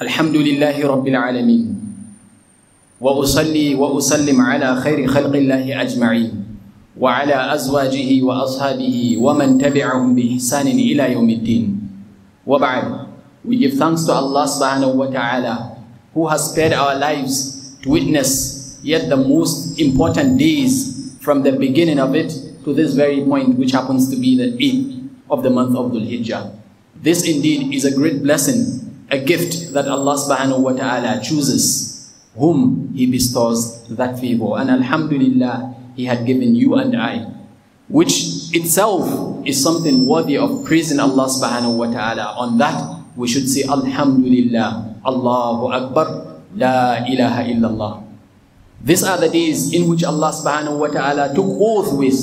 الحمد لله رب العالمين واصلي واسلم على خير خلق الله اجمعين وعلى ازواجه واصحابه ومن تبعهم باحسان الى يوم الدين وبعد we give thanks to Allah subhanahu wa ta'ala who has spared our lives to witness yet the most important days from the beginning of it to this very point which happens to be the 8th of the month of Dhul Hijjah. This indeed is a great blessing a gift that Allah subhanahu wa ta'ala chooses whom He bestows that favor. And Alhamdulillah, He had given you and I, which itself is something worthy of praising Allah subhanahu wa ta'ala. On that, we should say Alhamdulillah, Allahu Akbar, La ilaha illallah. These are the days in which Allah subhanahu wa ta'ala took oath with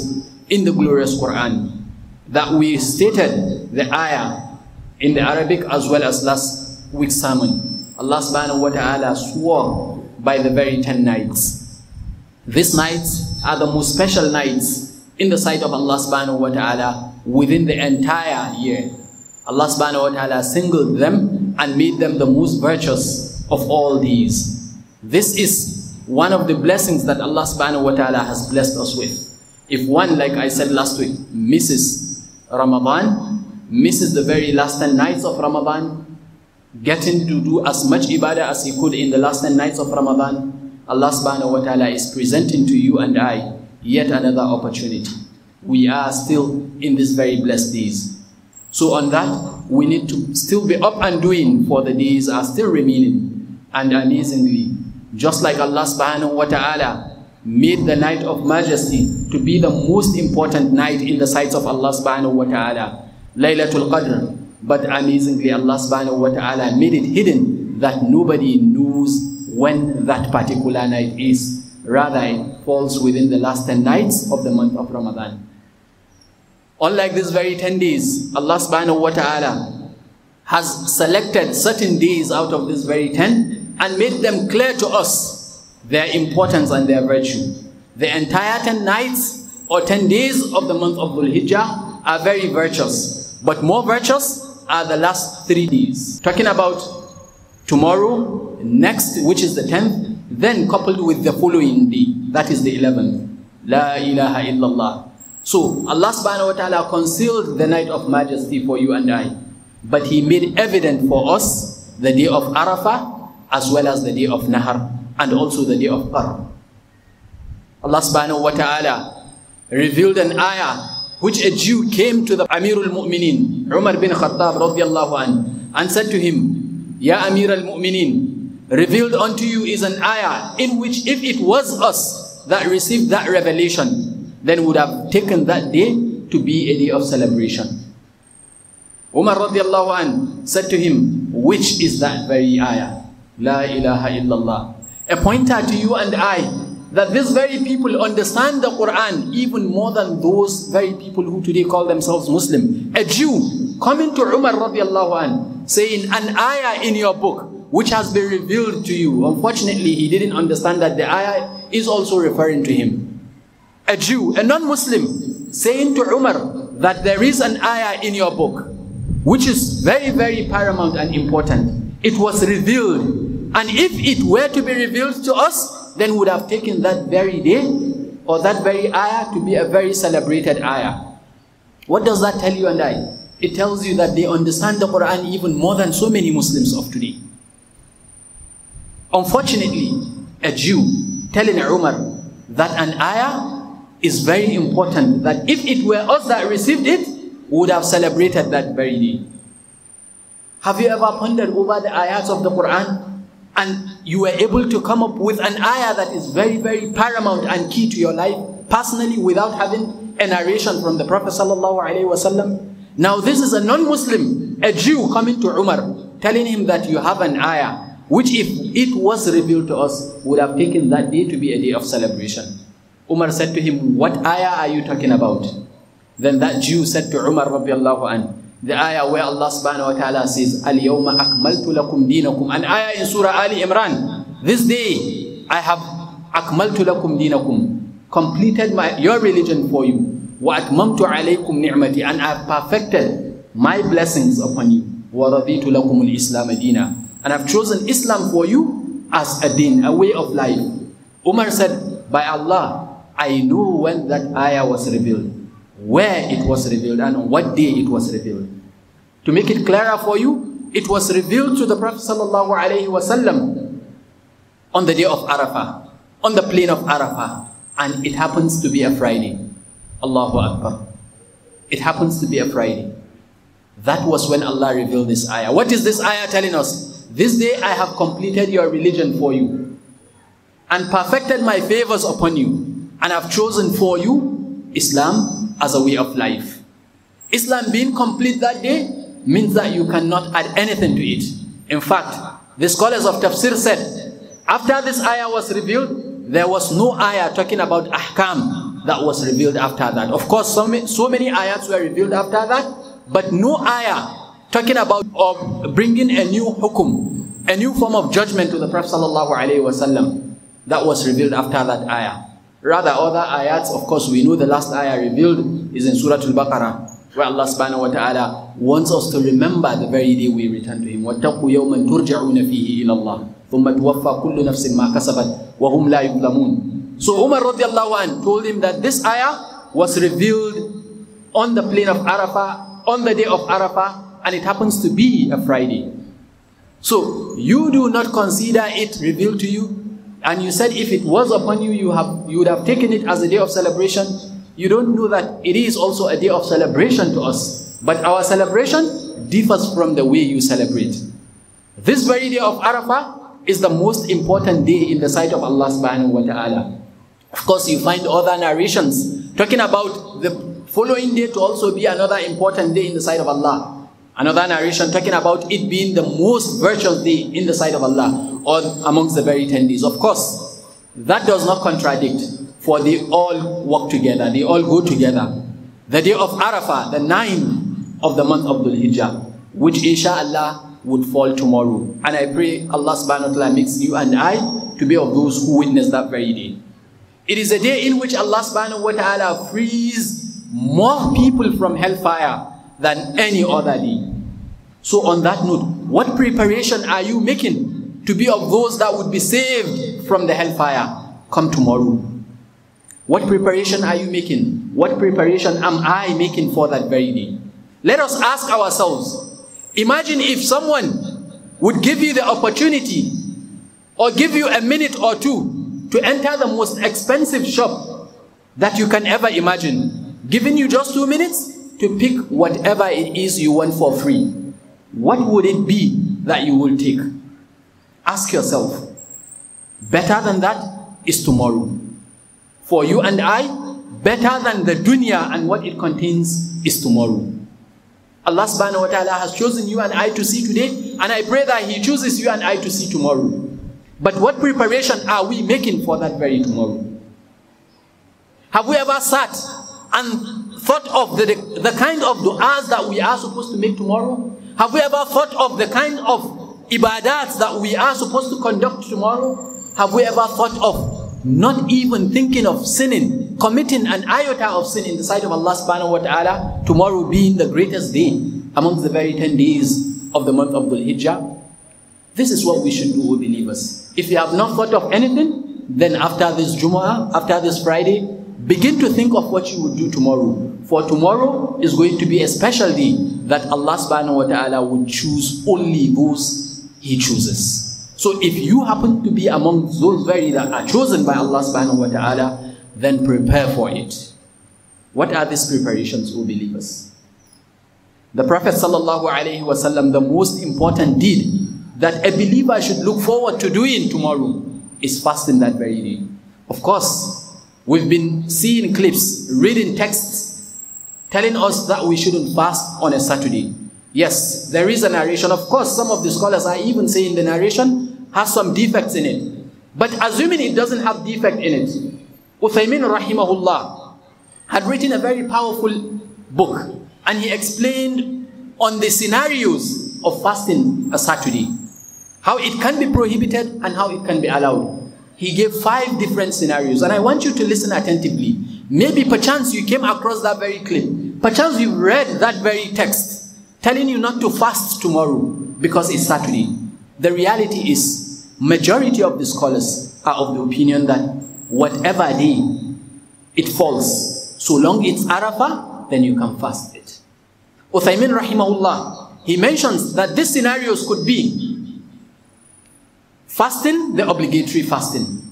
in the glorious Quran that we stated the ayah in the Arabic as well as last with salmon. Allah subhanahu wa ta'ala swore by the very ten nights. These nights are the most special nights in the sight of Allah subhanahu wa ta'ala within the entire year. Allah subhanahu wa ta'ala singled them and made them the most virtuous of all these. This is one of the blessings that Allah subhanahu wa ta'ala has blessed us with. If one, like I said last week, misses Ramadan, misses the very last 10 nights of Ramadan, getting to do as much ibadah as he could in the last 10 nights of Ramadan, Allah subhanahu wa ta'ala is presenting to you and I yet another opportunity. We are still in this very blessed days. So on that, we need to still be up and doing for the days are still remaining. And amazingly, just like Allah subhanahu wa ta'ala made the night of majesty to be the most important night in the sights of Allah subhanahu wa ta'ala, Laylatul Qadr, but amazingly, Allah subhanahu wa ta'ala made it hidden that nobody knows when that particular night is. Rather, it falls within the last 10 nights of the month of Ramadan. Unlike these very 10 days, Allah subhanahu wa ta'ala has selected certain days out of these very 10 and made them clear to us their importance and their virtue. The entire 10 nights or 10 days of the month of Dhul Hijjah are very virtuous. But more virtuous are the last three days. Talking about tomorrow, next, which is the 10th, then coupled with the following day, that is the 11th. La ilaha illallah. So Allah subhanahu wa ta'ala concealed the night of majesty for you and I, but He made evident for us the day of Arafah as well as the day of Nahar and also the day of Qar. Allah subhanahu wa ta'ala revealed an ayah which a Jew came to the Amir al-Mu'minin, Umar bin Khattab radiallahu an, and said to him, Ya Amir al-Mu'minin, revealed unto you is an ayah in which if it was us that received that revelation, then would have taken that day to be a day of celebration. Umar radiallahu said to him, which is that very ayah? La ilaha illallah. A pointer to you and I that these very people understand the Quran even more than those very people who today call themselves Muslim. A Jew coming to Umar radiallahu an, saying, An ayah in your book which has been revealed to you. Unfortunately, he didn't understand that the ayah is also referring to him. A Jew, a non Muslim, saying to Umar that there is an ayah in your book which is very, very paramount and important. It was revealed. And if it were to be revealed to us, then would have taken that very day or that very ayah to be a very celebrated ayah. What does that tell you and I? It tells you that they understand the Quran even more than so many Muslims of today. Unfortunately, a Jew telling Umar that an ayah is very important, that if it were us that received it, would have celebrated that very day. Have you ever pondered over the ayahs of the Quran and you were able to come up with an ayah that is very, very paramount and key to your life personally without having a narration from the Prophet Now this is a non-Muslim, a Jew coming to Umar, telling him that you have an ayah, which if it was revealed to us, would have taken that day to be a day of celebration. Umar said to him, what ayah are you talking about? Then that Jew said to Umar radiallahu anhu, the ayah where Allah subhanahu wa ta'ala says, Al-yawma akmaltu lakum dinakum. An ayah in Surah Ali Imran. This day I have akmaltu lakum dinakum. Completed my, your religion for you. Wa atmamtu alaykum ni'mati. And I have perfected my blessings upon you. Wa raditu lakum al-islam adina. And I've chosen Islam for you as a din, a way of life. Umar said, by Allah, I knew when that ayah was revealed where it was revealed and on what day it was revealed. To make it clearer for you, it was revealed to the Prophet ﷺ on the day of Arafah, on the plain of Arafah, and it happens to be a Friday. Allahu Akbar. It happens to be a Friday. That was when Allah revealed this ayah. What is this ayah telling us? This day I have completed your religion for you and perfected my favors upon you and have chosen for you Islam as a way of life. Islam being complete that day means that you cannot add anything to it. In fact, the scholars of tafsir said, after this ayah was revealed, there was no ayah talking about ahkam that was revealed after that. Of course, so many, so many ayahs were revealed after that, but no ayah talking about of bringing a new hukum, a new form of judgment to the Prophet that was revealed after that ayah. Rather, other ayats, of course, we know the last ayah revealed is in Surah Al-Baqarah, where Allah subhanahu wa ta'ala wants us to remember the very day we return to Him. وَاتَّقُوا يَوْمًا تُرْجَعُونَ فِيهِ إِلَى اللَّهِ ثُمَّ تُوَفَّى كُلُّ نَفْسٍ مَا كَسَبَتْ وَهُمْ لَا So Umar radiallahu anh told him that this ayah was revealed on the plain of Arafah, on the day of Arafah, and it happens to be a Friday. So you do not consider it revealed to you and you said if it was upon you, you, have, you would have taken it as a day of celebration. You don't know that it is also a day of celebration to us. But our celebration differs from the way you celebrate. This very day of Arafah is the most important day in the sight of Allah subhanahu wa ta'ala. Of course, you find other narrations talking about the following day to also be another important day in the sight of Allah. Another narration talking about it being the most virtuous day in the sight of Allah. Or amongst the very attendees. Of course, that does not contradict, for they all walk together, they all go together. The day of Arafah, the ninth of the month of Dhul Hijjah, which inshallah would fall tomorrow. And I pray Allah subhanahu wa ta'ala makes you and I to be of those who witness that very day. It is a day in which Allah subhanahu wa ta'ala frees more people from hellfire than any other day. So on that note, what preparation are you making to be of those that would be saved from the hellfire come tomorrow. What preparation are you making? What preparation am I making for that very day? Let us ask ourselves imagine if someone would give you the opportunity or give you a minute or two to enter the most expensive shop that you can ever imagine, giving you just two minutes to pick whatever it is you want for free. What would it be that you will take? Ask yourself, better than that is tomorrow. For you and I, better than the dunya and what it contains is tomorrow. Allah subhanahu wa ta'ala has chosen you and I to see today, and I pray that He chooses you and I to see tomorrow. But what preparation are we making for that very tomorrow? Have we ever sat and thought of the, the, kind of du'as that we are supposed to make tomorrow? Have we ever thought of the kind of Ibadat that we are supposed to conduct tomorrow, have we ever thought of not even thinking of sinning, committing an iota of sin in the sight of Allah subhanahu wa ta'ala, tomorrow being the greatest day amongst the very 10 days of the month of Dhul Hijjah? This is what we should do, we believers. If you have not thought of anything, then after this Jumu'ah, after this Friday, begin to think of what you would do tomorrow. For tomorrow is going to be a special day that Allah subhanahu wa ta'ala would choose only those he chooses. So if you happen to be among those very that are chosen by Allah subhanahu wa ta'ala, then prepare for it. What are these preparations, O believers? The Prophet sallallahu alaihi wasallam, the most important deed that a believer should look forward to doing tomorrow is fasting that very day. Of course, we've been seeing clips, reading texts, telling us that we shouldn't fast on a Saturday. Yes, there is a narration. Of course, some of the scholars are even saying the narration has some defects in it. But assuming it doesn't have defect in it, Uthaymin rahimahullah had written a very powerful book and he explained on the scenarios of fasting a Saturday, how it can be prohibited and how it can be allowed. He gave five different scenarios and I want you to listen attentively. Maybe perchance you came across that very clip. Perchance you read that very text telling you not to fast tomorrow because it's Saturday. The reality is, majority of the scholars are of the opinion that whatever day it falls, so long it's Arafah, then you can fast it. Uthaymin rahimahullah, he mentions that these scenarios could be fasting, the obligatory fasting.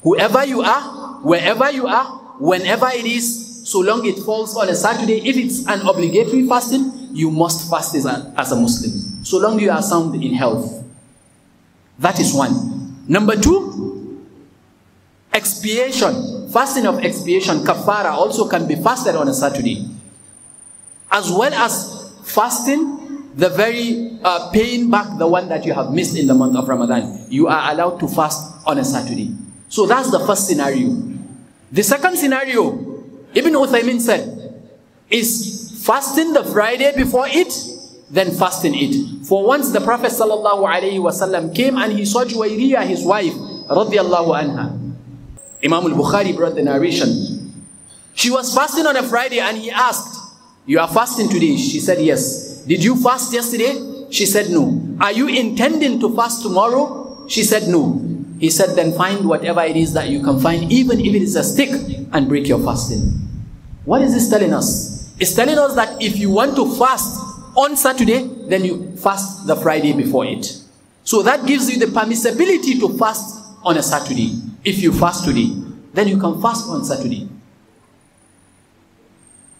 Whoever you are, wherever you are, whenever it is, so long it falls on a Saturday, if it's an obligatory fasting, you must fast as a, as a Muslim, so long you are sound in health. That is one. Number two, expiation. Fasting of expiation, kafara, also can be fasted on a Saturday. As well as fasting the very uh, paying back the one that you have missed in the month of Ramadan. You are allowed to fast on a Saturday. So that's the first scenario. The second scenario, Ibn Uthaymin said, is fasting the Friday before it, then fasting it. For once the Prophet ﷺ came and he saw Juwairiya, his wife, radiallahu anha. Imam al-Bukhari brought the narration. She was fasting on a Friday and he asked, you are fasting today? She said, yes. Did you fast yesterday? She said, no. Are you intending to fast tomorrow? She said, no. He said, then find whatever it is that you can find, even if it is a stick, and break your fasting. What is this telling us? It's telling us that if you want to fast on Saturday, then you fast the Friday before it. So that gives you the permissibility to fast on a Saturday. If you fast today, then you can fast on Saturday.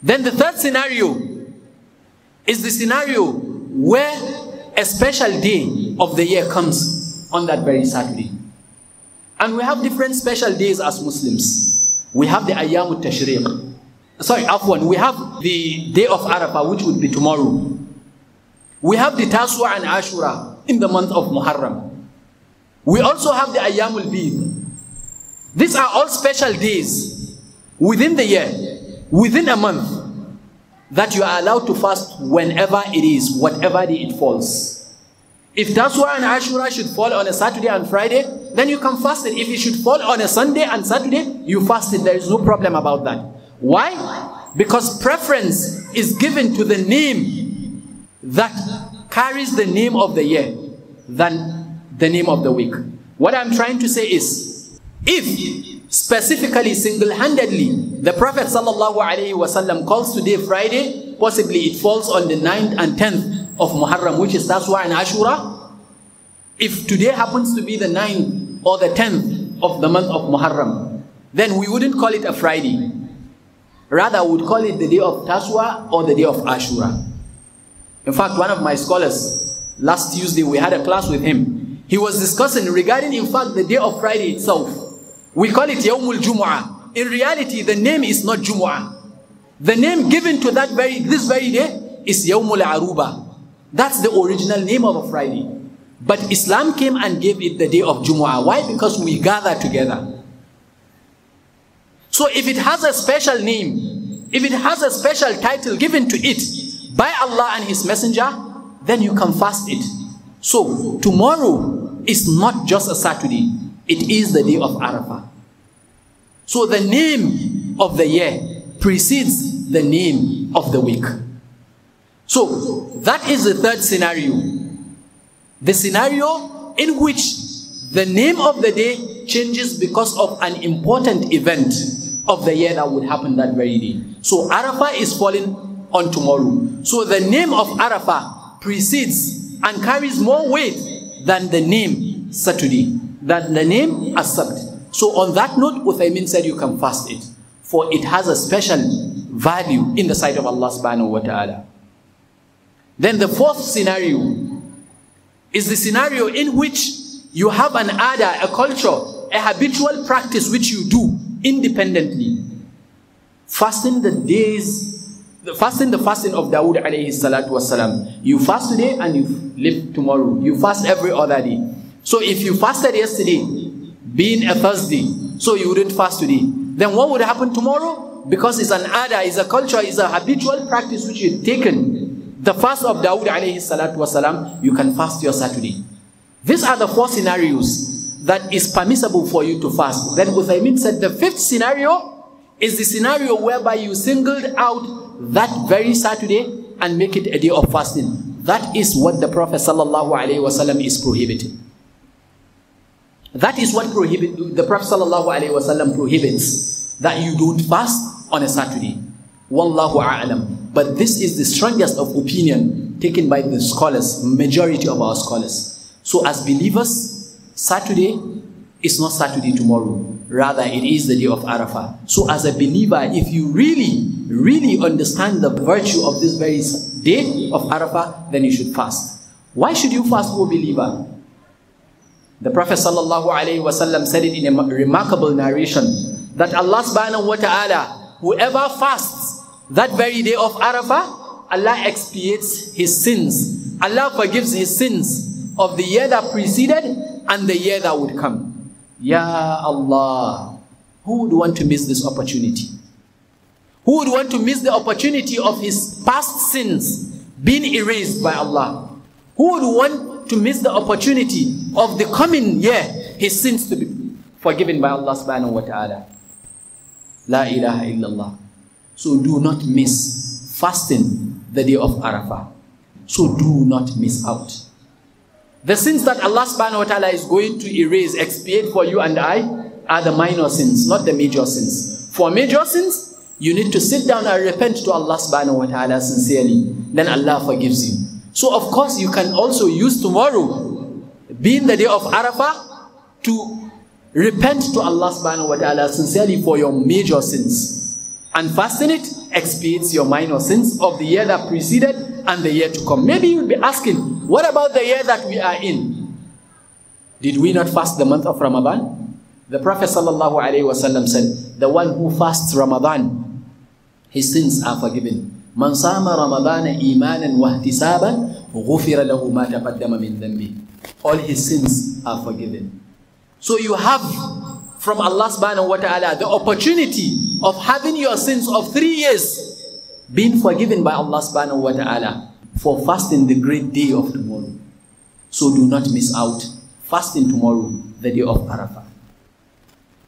Then the third scenario is the scenario where a special day of the year comes on that very Saturday. And we have different special days as Muslims. We have the Ayyamut Tashriq, Sorry, Afwan, we have the day of Arafah, which would be tomorrow. We have the Taswa and Ashura in the month of Muharram. We also have the Ayamul Bid. These are all special days within the year, within a month, that you are allowed to fast whenever it is, whatever day it falls. If Taswa and Ashura should fall on a Saturday and Friday, then you can fast it. If it should fall on a Sunday and Saturday, you fast it. There is no problem about that. Why? Because preference is given to the name that carries the name of the year than the name of the week. What I'm trying to say is if specifically single handedly the Prophet ﷺ calls today Friday, possibly it falls on the 9th and 10th of Muharram, which is Taswa and Ashura. If today happens to be the 9th or the 10th of the month of Muharram, then we wouldn't call it a Friday. Rather, I would call it the day of Tashwa or the day of Ashura. In fact, one of my scholars, last Tuesday, we had a class with him. He was discussing regarding, in fact, the day of Friday itself. We call it Yawmul Jumu'ah. In reality, the name is not Jumu'ah. The name given to that very, this very day is Yawmul Aruba. That's the original name of a Friday. But Islam came and gave it the day of Jumu'ah. Why? Because we gather together. So if it has a special name, if it has a special title given to it by Allah and His Messenger, then you can fast it. So tomorrow is not just a Saturday, it is the day of Arafah. So the name of the year precedes the name of the week. So that is the third scenario. The scenario in which the name of the day changes because of an important event of the year that would happen that very day. So Arafah is falling on tomorrow. So the name of Arafah precedes and carries more weight than the name Saturday, than the name Asabt. So on that note, Uthaymin said you can fast it, for it has a special value in the sight of Allah subhanahu wa ta'ala. Then the fourth scenario is the scenario in which you have an ada, a culture, a habitual practice which you do independently, fasting the days, fasting the fasting of Dawood alayhi salatu wasalam. You fast today and you live tomorrow. You fast every other day. So if you fasted yesterday, being a Thursday, so you wouldn't fast today, then what would happen tomorrow? Because it's an ada, it's a culture, it's a habitual practice which you've taken. The fast of Dawood alayhi salatu wasalam, you can fast your Saturday. These are the four scenarios that is permissible for you to fast. Then Uthaymin said the fifth scenario is the scenario whereby you singled out that very Saturday and make it a day of fasting. That is what the Prophet ﷺ is prohibiting. That is what prohibit, the Prophet ﷺ prohibits, that you don't fast on a Saturday. Wallahu a'lam. But this is the strongest of opinion taken by the scholars, majority of our scholars. So as believers, Saturday is not Saturday tomorrow. Rather, it is the day of Arafah. So, as a believer, if you really, really understand the virtue of this very day of Arafah, then you should fast. Why should you fast, O believer? The Prophet said it in a remarkable narration that Allah subhanahu wa ta'ala, whoever fasts that very day of Arafah, Allah expiates his sins. Allah forgives his sins of the year that preceded and the year that would come. Ya Allah, who would want to miss this opportunity? Who would want to miss the opportunity of his past sins being erased by Allah? Who would want to miss the opportunity of the coming year, his sins to be forgiven by Allah subhanahu wa ta'ala? La ilaha illallah. So do not miss fasting the day of Arafah. So do not miss out. The sins that Allah subhanahu wa ta'ala is going to erase, expiate for you and I, are the minor sins, not the major sins. For major sins, you need to sit down and repent to Allah subhanahu wa ta'ala sincerely. Then Allah forgives you. So of course you can also use tomorrow, being the day of Arafah, to repent to Allah subhanahu wa ta'ala sincerely for your major sins. And fasting it expiates your minor sins of the year that preceded and the year to come. Maybe you'll be asking, what about the year that we are in? Did we not fast the month of Ramadan? The Prophet ﷺ said, the one who fasts Ramadan, his sins are forgiven. All his sins are forgiven. So you have from Allah subhanahu wa ta'ala the opportunity of having your sins of three years being forgiven by Allah subhanahu wa ta'ala for fasting the great day of tomorrow. So do not miss out fasting tomorrow, the day of Arafah.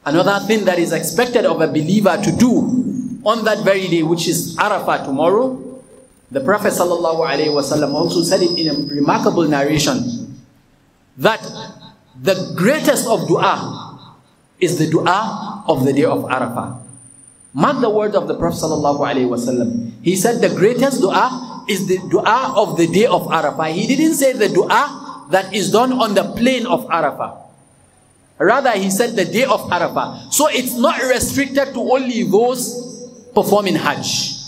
Another thing that is expected of a believer to do on that very day, which is Arafah tomorrow, the Prophet ﷺ also said it in a remarkable narration that the greatest of dua is the dua of the day of Arafah. Mark the word of the Prophet sallallahu He said the greatest dua is the dua of the day of Arafah. He didn't say the dua that is done on the plain of Arafah. Rather, he said the day of Arafah. So it's not restricted to only those performing Hajj.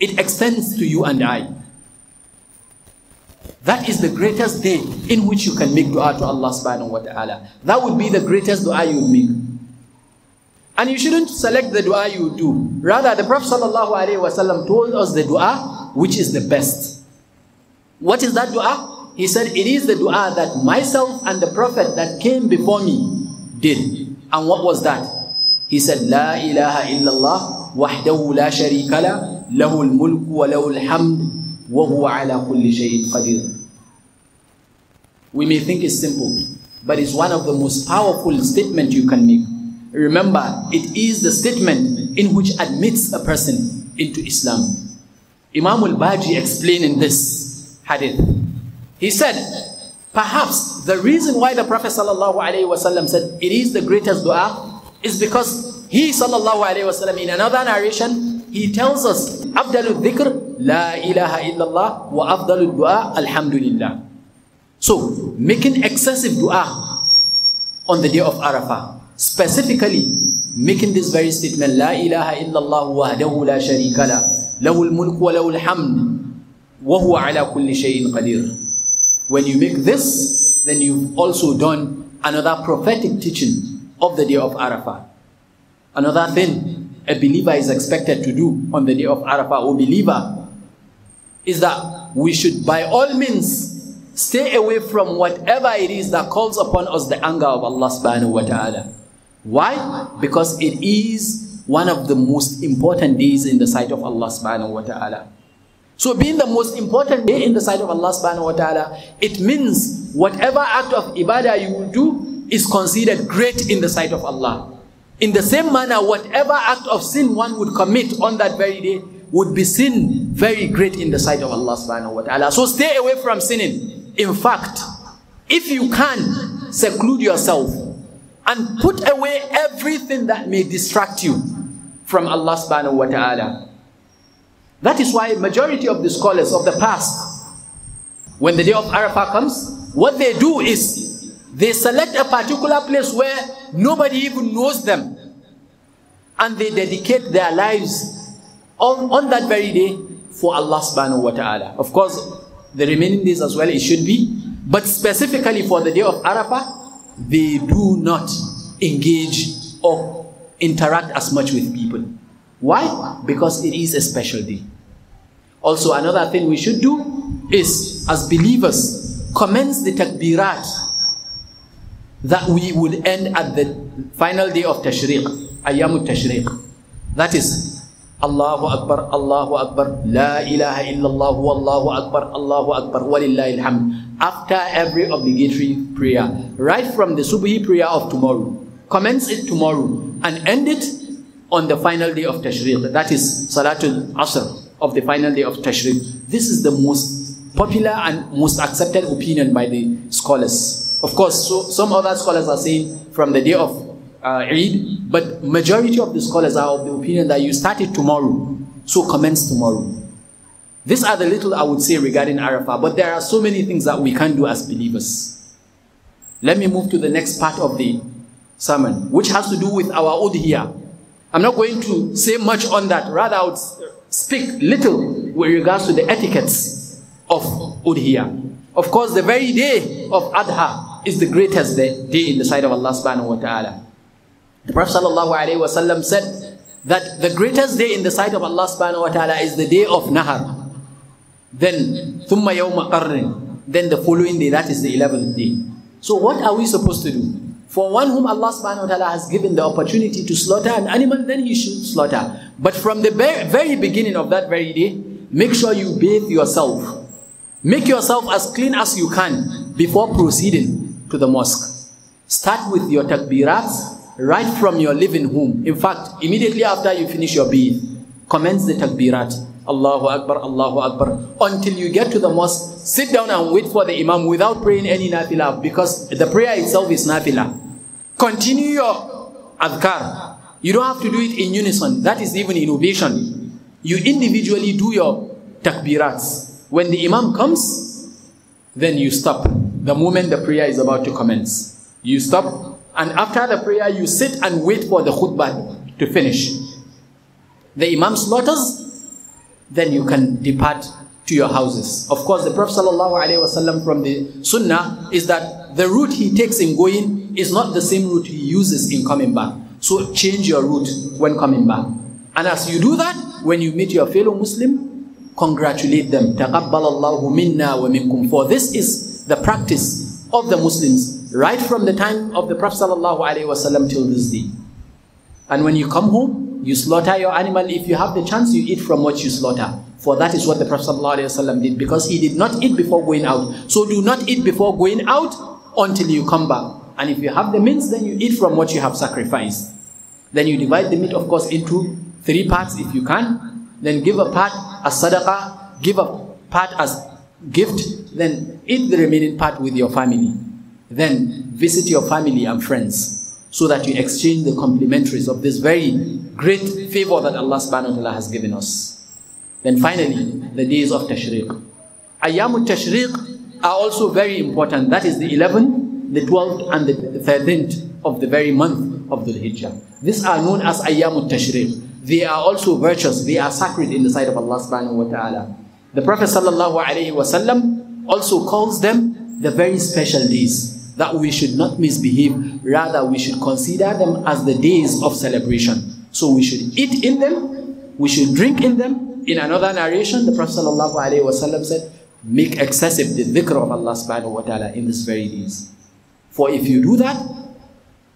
It extends to you and I. That is the greatest day in which you can make dua to Allah subhanahu wa ta'ala. That would be the greatest dua you would make. And you shouldn't select the dua you do. Rather, the Prophet told us the dua which is the best. What is that dua? He said, It is the dua that myself and the Prophet that came before me did. And what was that? He said, La ilaha illallah wahdahu la sharika la lahul mulku wa lahul hamd wa huwa ala kulli shayin qadir. We may think it's simple, but it's one of the most powerful statements you can make. Remember, it is the statement in which admits a person into Islam. Imam al-Baji in this hadith. He said, perhaps the reason why the Prophet ﷺ said it is the greatest dua is because he ﷺ in another narration, he tells us, أَفْدَلُ الذِّكْرِ la ilaha illallah, wa وَأَفْدَلُ الدُّعَى alhamdulillah. So, making excessive dua on the day of Arafah specifically making this very statement La ilaha illallah wahdahu la sharikala, la lahul mulk wa lahul hamd wa huwa ala kulli shay'in qadir When you make this then you've also done another prophetic teaching of the day of Arafah Another thing a believer is expected to do on the day of Arafah or believer is that we should by all means stay away from whatever it is that calls upon us the anger of Allah subhanahu wa ta'ala why? Because it is one of the most important days in the sight of Allah subhanahu wa ta'ala. So being the most important day in the sight of Allah subhanahu wa ta'ala, it means whatever act of ibadah you will do is considered great in the sight of Allah. In the same manner, whatever act of sin one would commit on that very day would be sin very great in the sight of Allah subhanahu wa ta'ala. So stay away from sinning. In fact, if you can, seclude yourself and put away everything that may distract you from Allah subhanahu wa ta'ala. That is why majority of the scholars of the past, when the day of Arafah comes, what they do is they select a particular place where nobody even knows them. And they dedicate their lives on, on that very day for Allah subhanahu wa ta'ala. Of course, the remaining days as well, it should be. But specifically for the day of Arafah, they do not engage or interact as much with people. Why? Because it is a special day. Also, another thing we should do is, as believers, commence the takbirat that we will end at the final day of Tashriq, Ayyamut Tashriq. That is Allahu Akbar, Allahu Akbar, La ilaha illallah, Allahu Akbar, Allahu Akbar, walillahi alhamd after every obligatory prayer. Right from the Subhi prayer of tomorrow. Commence it tomorrow and end it on the final day of Tashriq. That is Salatul Asr of the final day of Tashriq. This is the most popular and most accepted opinion by the scholars. Of course, so, some other scholars are saying from the day of uh, Eid, but majority of the scholars are of the opinion that you start it tomorrow, so commence tomorrow. These are the little I would say regarding Arafah, but there are so many things that we can do as believers. Let me move to the next part of the sermon, which has to do with our udhiyah. I'm not going to say much on that. Rather, I would speak little with regards to the etiquettes of udhiyah. Of course, the very day of Adha is the greatest day, in the sight of Allah subhanahu wa ta'ala. The Prophet sallallahu alayhi wa said that the greatest day in the sight of Allah subhanahu wa ta'ala is the day of Nahar, then, thumma يَوْمَ قَرٍ Then the following day, that is the 11th day. So what are we supposed to do? For one whom Allah subhanahu wa ta'ala has given the opportunity to slaughter an animal, then he should slaughter. But from the very beginning of that very day, make sure you bathe yourself. Make yourself as clean as you can before proceeding to the mosque. Start with your takbirats right from your living home. In fact, immediately after you finish your bathe, commence the takbirat. Allahu Akbar, Allahu Akbar, until you get to the mosque, sit down and wait for the Imam without praying any nafilah because the prayer itself is nafilah. Continue your adhkar. You don't have to do it in unison. That is even innovation. You individually do your takbirats. When the Imam comes, then you stop the moment the prayer is about to commence. You stop, and after the prayer, you sit and wait for the khutbah to finish. The Imam slaughters, then you can depart to your houses. Of course, the Prophet ﷺ from the Sunnah is that the route he takes in going is not the same route he uses in coming back. So change your route when coming back. And as you do that, when you meet your fellow Muslim, congratulate them. Taqabbalallahu minna wa minkum. For this is the practice of the Muslims right from the time of the Prophet ﷺ till this day. And when you come home, you slaughter your animal. If you have the chance, you eat from what you slaughter. For that is what the Prophet ﷺ did because he did not eat before going out. So do not eat before going out until you come back. And if you have the means, then you eat from what you have sacrificed. Then you divide the meat, of course, into three parts if you can. Then give a part as sadaqah, give a part as gift, then eat the remaining part with your family. Then visit your family and friends so that you exchange the complementaries of this very great favor that Allah subhanahu wa ta'ala has given us. Then finally, the days of Tashriq. Ayamut Tashriq are also very important. That is the 11th, the 12th, and the 13th of the very month of the Hijjah. These are known as Ayamut Tashriq. They are also virtuous. They are sacred in the sight of Allah subhanahu wa ta'ala. The Prophet sallallahu alayhi wa sallam also calls them the very special days that we should not misbehave, rather, we should consider them as the days of celebration. So we should eat in them, we should drink in them. In another narration, the Prophet ﷺ said, Make excessive the dhikr of Allah subhanahu wa ta'ala in these very days. For if you do that,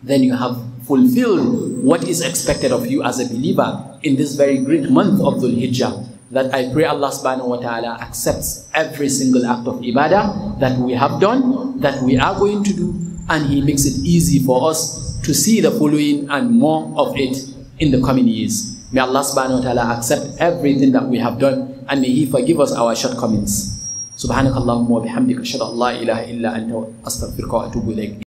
then you have fulfilled what is expected of you as a believer in this very great month of Dhul Hijjah that I pray Allah subhanahu wa ta'ala accepts every single act of ibadah that we have done, that we are going to do, and He makes it easy for us to see the following and more of it in the coming years. May Allah subhanahu wa ta'ala accept everything that we have done and may He forgive us our shortcomings. سبحانك اللهم وبحمدك اشهد ان لا اله الا انت